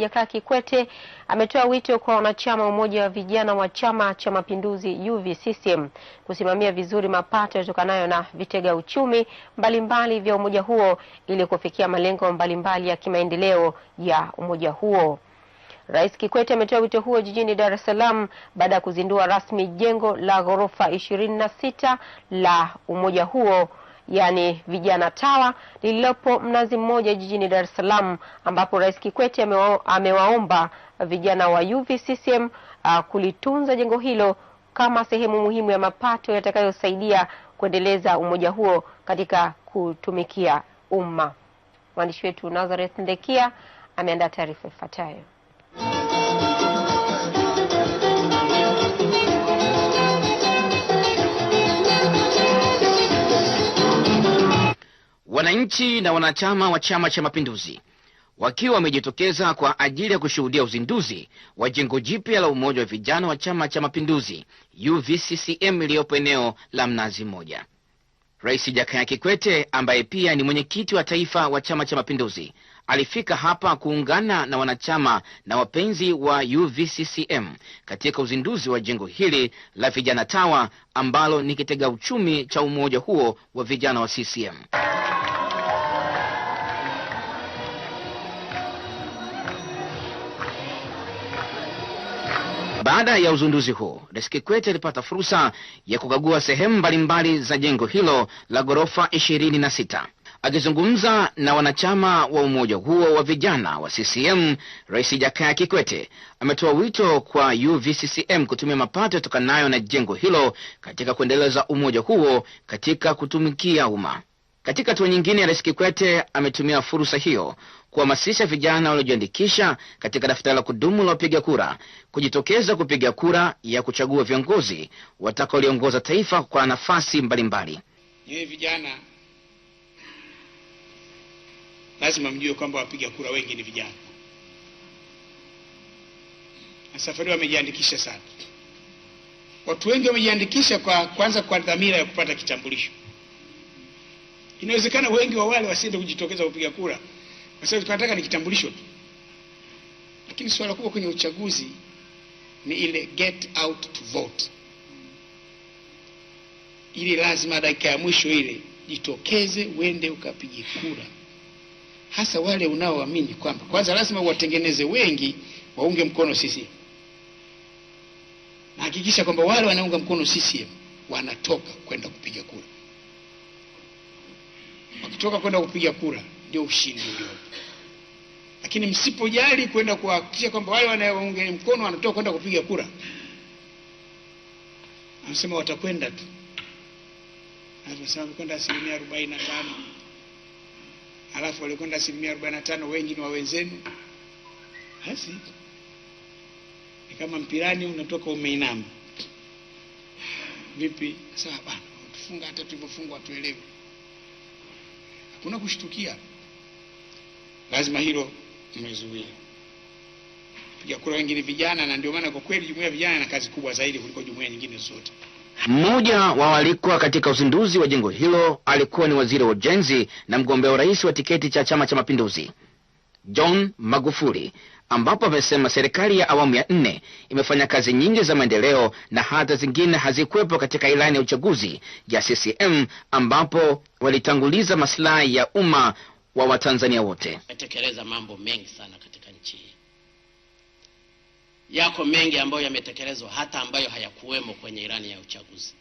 Jakaya Kikwete ametoa wito kwa wanachama umoja wa vijana wa Chama cha Mapinduzi UVCCM kusimamia vizuri mapato yatokanayo na vitega uchumi mbalimbali mbali vya umoja huo ili kufikia malengo mbalimbali mbali ya kimaendeleo ya umoja huo. Rais Kikwete ametoa wito huo jijini Dar es Salaam baada ya kuzindua rasmi jengo la ghorofa 26 la umoja huo yani vijana TAWA lililopo Mnazi Mmoja jijini Dar es Salaam, ambapo Rais Kikwete amewa, amewaomba vijana wa UVCCM uh, kulitunza jengo hilo kama sehemu muhimu ya mapato yatakayosaidia kuendeleza umoja huo katika kutumikia umma. Mwandishi wetu Nazareth Ndekia ameandaa taarifa ifuatayo. wananchi na wanachama wa Chama cha Mapinduzi wakiwa wamejitokeza kwa ajili ya kushuhudia uzinduzi wa jengo jipya la umoja wa vijana wa Chama cha Mapinduzi UVCCM iliyopo eneo la Mnazi Mmoja. Rais Jakaya Kikwete ambaye pia ni mwenyekiti wa taifa wa Chama cha Mapinduzi alifika hapa kuungana na wanachama na wapenzi wa UVCCM katika uzinduzi wa jengo hili la vijana tawa ambalo ni kitega uchumi cha umoja huo wa vijana wa CCM. Baada ya uzinduzi huu, Rais Kikwete alipata fursa ya kukagua sehemu mbalimbali za jengo hilo la ghorofa ishirini na sita. Akizungumza na wanachama wa umoja huo wa vijana wa CCM, Rais Jakaya Kikwete ametoa wito kwa UVCCM kutumia mapato yatokanayo na jengo hilo katika kuendeleza umoja huo katika kutumikia umma. Katika hatua nyingine, Rais Kikwete ametumia fursa hiyo kuhamasisha vijana waliojiandikisha katika daftari la kudumu la wapiga kura kujitokeza kupiga kura ya kuchagua viongozi watakaoliongoza taifa kwa nafasi mbalimbali. Nyewe vijana lazima mjue kwamba wapiga kura wengi ni vijana, na safari wamejiandikisha sana. Watu wengi wamejiandikisha kwa kwanza, kwa dhamira ya kupata kitambulisho. Inawezekana wengi wa wale wasiende kujitokeza kupiga kura kwa sababu tunataka ni kitambulisho tu, lakini suala kubwa kwenye uchaguzi ni ile get out to vote, ili lazima dakika ya mwisho ile jitokeze, uende ukapige kura, hasa wale unaoamini kwamba kwanza lazima uwatengeneze wengi waunge mkono CCM na hakikisha kwamba wale wanaunga mkono CCM wanatoka kwenda kupiga kura. Wakitoka kwenda kupiga kura ndio ushindi uliopo. Lakini msipojali kwenda kuhakikisha kwamba wale wanaounga mkono wanatoka kwenda kupiga kura, anasema watakwenda tu, anasema wamekwenda asilimia arobaini na tano alafu walikwenda asilimia arobaini na tano wengi ni wa wenzenu. Basi ni kama mpirani unatoka umeinama vipi? Sawa bana, tufunga hata tulivyofungwa tuelewe, hakuna kushtukia lazima hilo mlizuie. Piga kura wengine vijana, na ndio maana kwa kweli jumuiya ya vijana ina kazi kubwa zaidi kuliko jumuiya nyingine zote. Mmoja wa walikuwa katika uzinduzi wa jengo hilo alikuwa ni waziri wa ujenzi na mgombea urais wa tiketi cha Chama cha Mapinduzi John Magufuli, ambapo amesema serikali ya awamu ya nne imefanya kazi nyingi za maendeleo na hata zingine hazikuwepo katika ilani ya uchaguzi ya CCM, ambapo walitanguliza masilahi ya umma wa Watanzania wote. Ametekeleza mambo mengi sana katika nchi hii, yako mengi ambayo yametekelezwa hata ambayo hayakuwemo kwenye ilani ya uchaguzi.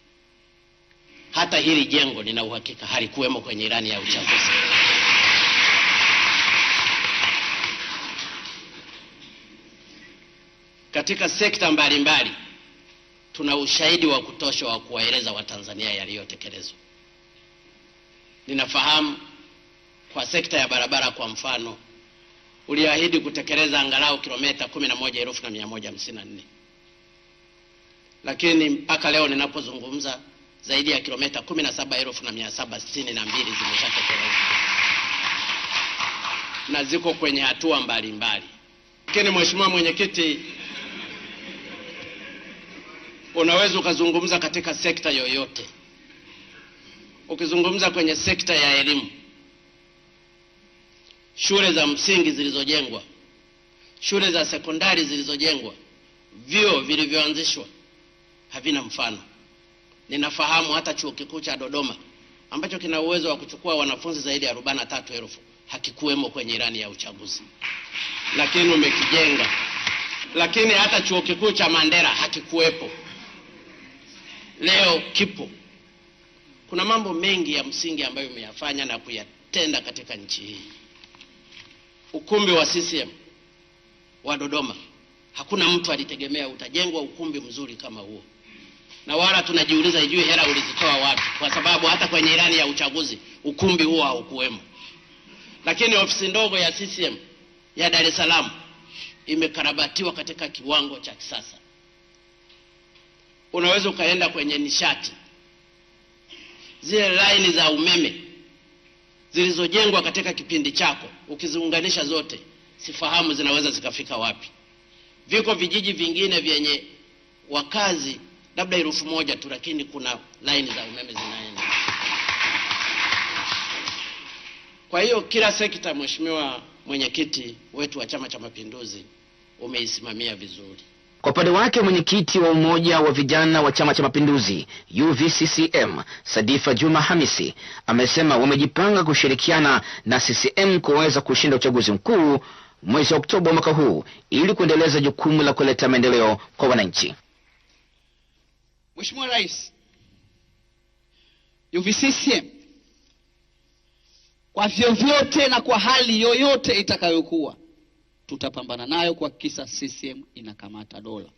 Hata hili jengo nina uhakika halikuwemo kwenye ilani ya uchaguzi. Katika sekta mbalimbali tuna ushahidi wa kutosha wa kuwaeleza Watanzania yaliyotekelezwa. Ninafahamu kwa sekta ya barabara kwa mfano, uliahidi kutekeleza angalau kilomita 11,154 lakini mpaka leo ninapozungumza zaidi ya kilomita 17,762 zimeshatekelezwa na ziko kwenye hatua mbalimbali. Lakini Mheshimiwa Mwenyekiti, unaweza ukazungumza katika sekta yoyote. Ukizungumza kwenye sekta ya elimu shule za msingi zilizojengwa, shule za sekondari zilizojengwa, vyuo vilivyoanzishwa havina mfano. Ninafahamu hata chuo kikuu cha Dodoma ambacho kina uwezo wa kuchukua wanafunzi zaidi ya arobaini na tatu elfu hakikuwemo kwenye ilani ya uchaguzi, lakini umekijenga. Lakini hata chuo kikuu cha Mandera hakikuwepo, leo kipo. Kuna mambo mengi ya msingi ambayo umeyafanya na kuyatenda katika nchi hii ukumbi wa CCM wa Dodoma, hakuna mtu alitegemea utajengwa ukumbi mzuri kama huo, na wala tunajiuliza ijue hela ulizitoa wapi, kwa sababu hata kwenye ilani ya uchaguzi ukumbi huo haukuwemo. Lakini ofisi ndogo ya CCM ya Dar es Salaam imekarabatiwa katika kiwango cha kisasa. Unaweza ukaenda kwenye nishati, zile laini za umeme zilizojengwa katika kipindi chako ukiziunganisha zote, sifahamu zinaweza zikafika wapi. Viko vijiji vingine vyenye wakazi labda elfu moja tu, lakini kuna laini za umeme zinaenda. Kwa hiyo kila sekta, Mheshimiwa Mwenyekiti wetu wa Chama cha Mapinduzi, umeisimamia vizuri. Kwa upande wake mwenyekiti wa umoja wa vijana wa Chama cha Mapinduzi UVCCM Sadifa Juma Hamisi amesema wamejipanga kushirikiana na CCM kuweza kushinda uchaguzi mkuu mwezi wa Oktoba mwaka huu ili kuendeleza jukumu la kuleta maendeleo kwa wananchi. Mheshimiwa Rais, UVCCM kwa vyovyote na kwa hali yoyote itakayokuwa tutapambana nayo kuhakikisha CCM inakamata dola.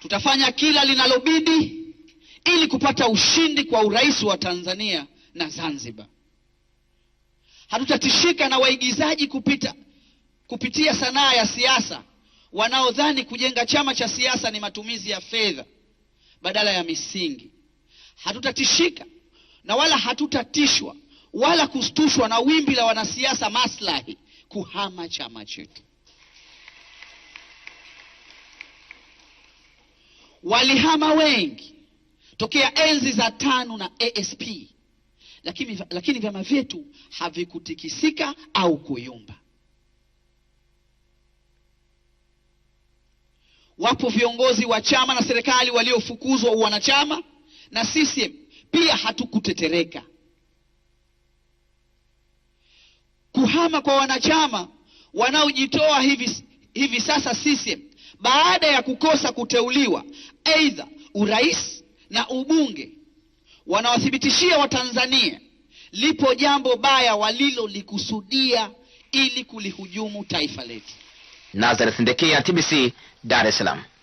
Tutafanya kila linalobidi ili kupata ushindi kwa urais wa Tanzania na Zanzibar. Hatutatishika na waigizaji kupita kupitia sanaa ya siasa wanaodhani kujenga chama cha siasa ni matumizi ya fedha badala ya misingi. Hatutatishika na wala hatutatishwa wala kustushwa na wimbi la wanasiasa maslahi kuhama chama chetu. Walihama wengi tokea enzi za tano na ASP, lakini, lakini vyama vyetu havikutikisika au kuyumba. Wapo viongozi wa chama na serikali waliofukuzwa wanachama na CCM, pia hatukutetereka. kuhama kwa wanachama wanaojitoa hivi, hivi sasa CCM baada ya kukosa kuteuliwa aidha urais na ubunge, wanawathibitishia Watanzania lipo jambo baya walilolikusudia ili kulihujumu taifa letu. Nazareth Ndekia, TBC, Dar es Salaam.